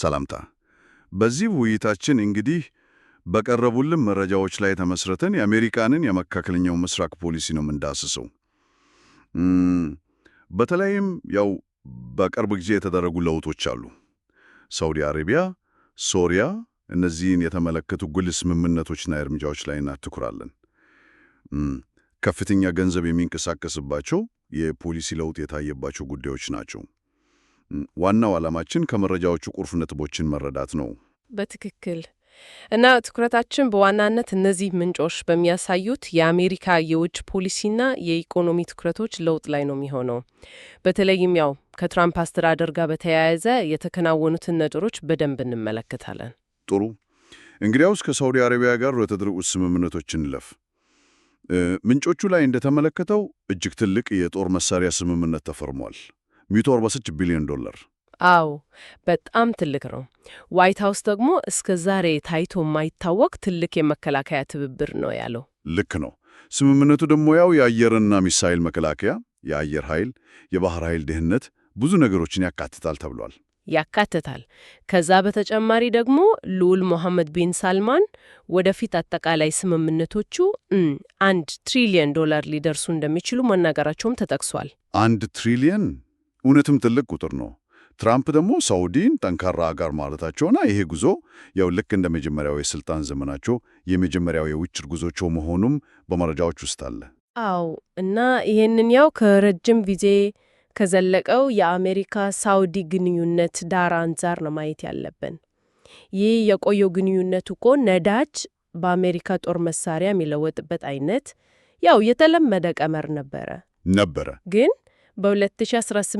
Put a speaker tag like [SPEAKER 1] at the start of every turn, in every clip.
[SPEAKER 1] ሰላምታ። በዚህ ውይይታችን እንግዲህ በቀረቡልን መረጃዎች ላይ ተመስርተን የአሜሪካንን የመካከለኛው ምስራቅ ፖሊሲ ነው የምንዳስሰው። በተለይም ያው በቅርብ ጊዜ የተደረጉ ለውጦች አሉ። ሳውዲ አረቢያ፣ ሶሪያ እነዚህን የተመለከቱ ጉል ስምምነቶችና እርምጃዎች ላይ እናትኩራለን። ከፍተኛ ገንዘብ የሚንቀሳቀስባቸው የፖሊሲ ለውጥ የታየባቸው ጉዳዮች ናቸው። ዋናው ዓላማችን ከመረጃዎቹ ቁልፍ ነጥቦችን መረዳት ነው።
[SPEAKER 2] በትክክል እና ትኩረታችን በዋናነት እነዚህ ምንጮች በሚያሳዩት የአሜሪካ የውጭ ፖሊሲና የኢኮኖሚ ትኩረቶች ለውጥ ላይ ነው የሚሆነው። በተለይም ያው ከትራምፕ አስተዳደር ጋር በተያያዘ የተከናወኑትን ነገሮች በደንብ እንመለከታለን።
[SPEAKER 1] ጥሩ። እንግዲያውስ ከሳውዲ አረቢያ ጋር ለተደረጉት ስምምነቶች እንለፍ። ምንጮቹ ላይ እንደተመለከተው እጅግ ትልቅ የጦር መሳሪያ ስምምነት ተፈርሟል። 147 ቢሊዮን ዶላር።
[SPEAKER 2] አዎ በጣም ትልቅ ነው። ዋይት ሀውስ ደግሞ እስከ ዛሬ ታይቶ የማይታወቅ ትልቅ የመከላከያ ትብብር ነው ያለው።
[SPEAKER 1] ልክ ነው። ስምምነቱ ደግሞ ያው የአየርና ሚሳይል መከላከያ፣ የአየር ኃይል፣ የባህር ኃይል ደህንነት ብዙ ነገሮችን ያካትታል ተብሏል።
[SPEAKER 2] ያካትታል። ከዛ በተጨማሪ ደግሞ ልዑል ሞሐመድ ቢን ሳልማን ወደፊት አጠቃላይ ስምምነቶቹ አንድ ትሪሊየን ዶላር ሊደርሱ እንደሚችሉ መናገራቸውም ተጠቅሷል።
[SPEAKER 1] አንድ ትሪሊየን እውነትም ትልቅ ቁጥር ነው። ትራምፕ ደግሞ ሳውዲን ጠንካራ አጋር ማለታቸውና ይሄ ጉዞ ያው ልክ እንደ መጀመሪያው የስልጣን ዘመናቸው የመጀመሪያው የውጭ ጉዞቸው መሆኑም በመረጃዎች ውስጥ አለ።
[SPEAKER 2] አዎ እና ይህንን ያው ከረጅም ጊዜ ከዘለቀው የአሜሪካ ሳውዲ ግንኙነት ዳራ አንጻር ነው ማየት ያለብን። ይህ የቆየው ግንኙነት እኮ ነዳጅ በአሜሪካ ጦር መሳሪያ የሚለወጥበት አይነት ያው የተለመደ ቀመር ነበረ ነበረ ግን በ2018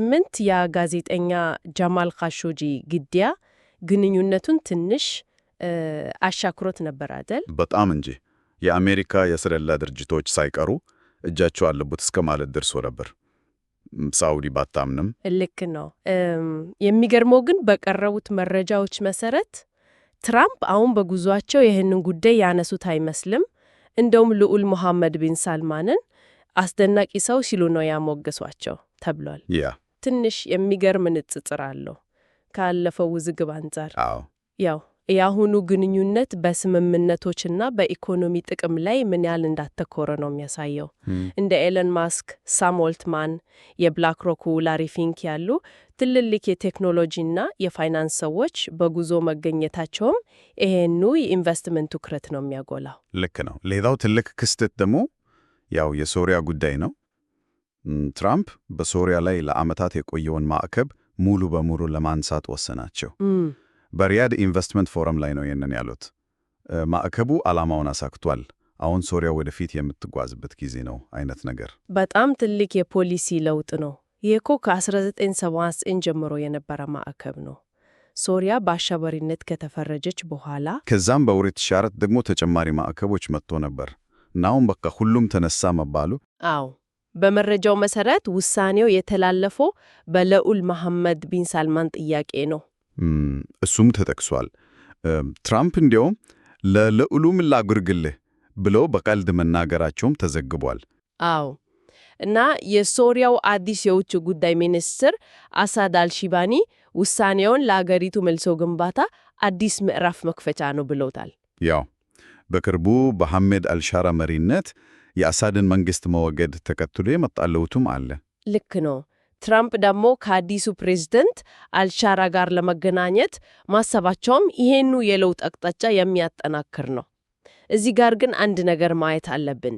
[SPEAKER 2] የጋዜጠኛ ጋዜጠኛ ጃማል ካሾጂ ግድያ ግንኙነቱን ትንሽ አሻክሮት ነበር አደል?
[SPEAKER 1] በጣም እንጂ የአሜሪካ የስለላ ድርጅቶች ሳይቀሩ እጃቸው አለበት እስከ ማለት ደርሶ ነበር። ሳውዲ ባታምንም
[SPEAKER 2] ልክ ነው። የሚገርመው ግን በቀረቡት መረጃዎች መሰረት ትራምፕ አሁን በጉዟቸው ይህንን ጉዳይ ያነሱት አይመስልም። እንደውም ልዑል ሙሐመድ ቢን ሳልማንን አስደናቂ ሰው ሲሉ ነው ያሞገሷቸው ተብሏል። ትንሽ የሚገርም ንጽጽር አለው ካለፈው ውዝግብ አንጻር። ያው የአሁኑ ግንኙነት በስምምነቶችና በኢኮኖሚ ጥቅም ላይ ምን ያህል እንዳተኮረ ነው የሚያሳየው። hmm. እንደ ኤለን ማስክ፣ ሳም ኦልትማን፣ ሮኩ ላሪ ፊንክ ያሉ ትልልቅ የቴክኖሎጂና የፋይናንስ ሰዎች በጉዞ መገኘታቸውም ይሄኑ የኢንቨስትመንት ትኩረት ነው የሚያጎላው።
[SPEAKER 1] ልክ ነው። ሌላው ትልቅ ክስተት ደግሞ ያው የሶሪያ ጉዳይ ነው። ትራምፕ በሶሪያ ላይ ለዓመታት የቆየውን ማዕቀብ ሙሉ በሙሉ ለማንሳት ወሰናቸው። በሪያድ ኢንቨስትመንት ፎረም ላይ ነው ይህንን ያሉት። ማዕቀቡ ዓላማውን አሳክቷል፣ አሁን ሶሪያ ወደፊት የምትጓዝበት ጊዜ ነው አይነት ነገር።
[SPEAKER 2] በጣም ትልቅ የፖሊሲ ለውጥ ነው። ይህ እኮ ከ1979 ጀምሮ የነበረ ማዕቀብ ነው። ሶሪያ በአሸባሪነት ከተፈረጀች በኋላ
[SPEAKER 1] ከዛም በ2004 ደግሞ ተጨማሪ ማዕቀቦች መጥቶ ነበር። ናውን በቃ ሁሉም ተነሳ መባሉ።
[SPEAKER 2] አዎ በመረጃው መሰረት ውሳኔው የተላለፈው በለኡል መሐመድ ቢን ሳልማን ጥያቄ ነው።
[SPEAKER 1] እሱም ተጠቅሷል። ትራምፕ እንዲያውም ለልዑሉም ላጉርግልህ ብለው በቀልድ መናገራቸውም ተዘግቧል።
[SPEAKER 2] አዎ እና የሶሪያው አዲስ የውጭ ጉዳይ ሚኒስትር አሳድ አልሺባኒ ውሳኔውን ለአገሪቱ መልሶ ግንባታ አዲስ ምዕራፍ መክፈቻ ነው ብለውታል።
[SPEAKER 1] ያው በቅርቡ በሐሜድ አልሻራ መሪነት የአሳድን መንግስት መወገድ ተከትሎ የመጣ ለውጥም አለ።
[SPEAKER 2] ልክ ነው። ትራምፕ ደግሞ ከአዲሱ ፕሬዝደንት አልሻራ ጋር ለመገናኘት ማሰባቸውም ይሄኑ የለውጥ አቅጣጫ የሚያጠናክር ነው። እዚህ ጋር ግን አንድ ነገር ማየት አለብን።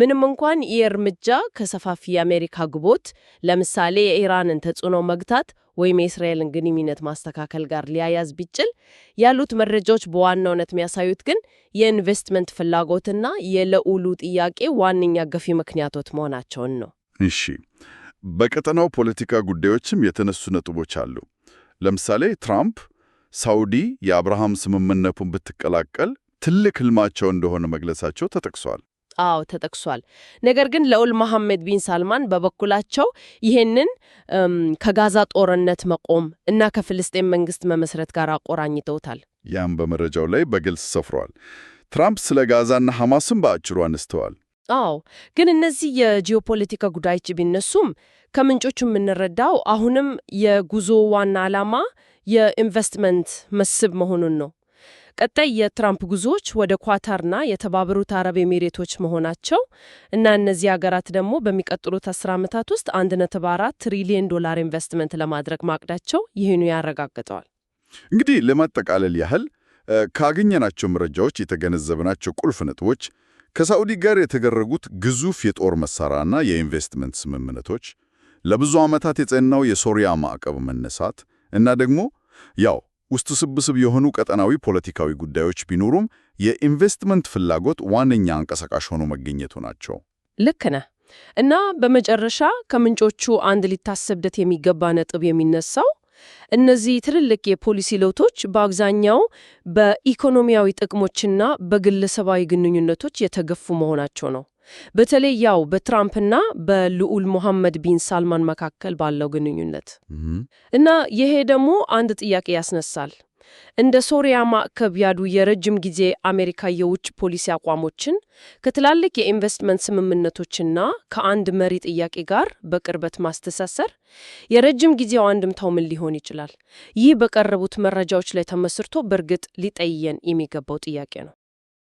[SPEAKER 2] ምንም እንኳን ይህ እርምጃ ከሰፋፊ የአሜሪካ ግቦት ለምሳሌ የኢራንን ተጽዕኖ መግታት ወይም የእስራኤልን ግንኙነት ማስተካከል ጋር ሊያያዝ ቢችል ያሉት መረጃዎች በዋናነት የሚያሳዩት ግን የኢንቨስትመንት ፍላጎትና የልዑሉ ጥያቄ ዋነኛ ገፊ ምክንያቶች መሆናቸውን ነው።
[SPEAKER 1] እሺ፣ በቀጠናው ፖለቲካ ጉዳዮችም የተነሱ ነጥቦች አሉ። ለምሳሌ ትራምፕ ሳውዲ የአብርሃም ስምምነቱን ብትቀላቀል ትልቅ ህልማቸው እንደሆነ መግለጻቸው ተጠቅሷል።
[SPEAKER 2] አዎ ተጠቅሷል። ነገር ግን ለውል መሐመድ ቢን ሳልማን በበኩላቸው ይህንን ከጋዛ ጦርነት መቆም እና ከፍልስጤን መንግስት መመስረት ጋር አቆራኝተውታል።
[SPEAKER 1] ያም በመረጃው ላይ በግልጽ ሰፍሯል። ትራምፕ ስለ ጋዛና ሐማስም በአጭሩ አነስተዋል።
[SPEAKER 2] አዎ ግን እነዚህ የጂኦፖለቲካ ጉዳዮች ቢነሱም ከምንጮቹ የምንረዳው አሁንም የጉዞ ዋና ዓላማ የኢንቨስትመንት መስህብ መሆኑን ነው። ቀጣይ የትራምፕ ጉዞዎች ወደ ኳታርና የተባበሩት አረብ ኤሚሬቶች መሆናቸው እና እነዚህ ሀገራት ደግሞ በሚቀጥሉት አስር ዓመታት ውስጥ አንድ አራት ትሪሊየን ዶላር ኢንቨስትመንት ለማድረግ ማቅዳቸው ይህኑ ያረጋግጠዋል።
[SPEAKER 1] እንግዲህ ለማጠቃለል ያህል ካገኘናቸው መረጃዎች የተገነዘብናቸው ቁልፍ ነጥቦች ከሳዑዲ ጋር የተደረጉት ግዙፍ የጦር መሳሪያና የኢንቨስትመንት ስምምነቶች፣ ለብዙ ዓመታት የጸናው የሶሪያ ማዕቀብ መነሳት እና ደግሞ ያው ውስብስብ የሆኑ ቀጠናዊ ፖለቲካዊ ጉዳዮች ቢኖሩም የኢንቨስትመንት ፍላጎት ዋነኛ አንቀሳቃሽ ሆኖ መገኘቱ ናቸው።
[SPEAKER 2] ልክ ነህ። እና በመጨረሻ ከምንጮቹ አንድ ሊታሰብበት የሚገባ ነጥብ የሚነሳው እነዚህ ትልልቅ የፖሊሲ ለውጦች በአብዛኛው በኢኮኖሚያዊ ጥቅሞችና በግለሰባዊ ግንኙነቶች የተገፉ መሆናቸው ነው። በተለይ ያው በትራምፕና በልዑል ሙሐመድ ቢን ሳልማን መካከል ባለው ግንኙነት እና ይሄ ደግሞ አንድ ጥያቄ ያስነሳል። እንደ ሶሪያ ማዕከብ ያሉ የረጅም ጊዜ አሜሪካ የውጭ ፖሊሲ አቋሞችን ከትላልቅ የኢንቨስትመንት ስምምነቶችና ከአንድ መሪ ጥያቄ ጋር በቅርበት ማስተሳሰር የረጅም ጊዜው አንድምታው ምን ሊሆን ይችላል? ይህ በቀረቡት መረጃዎች ላይ ተመስርቶ በእርግጥ ሊጠየን የሚገባው ጥያቄ ነው።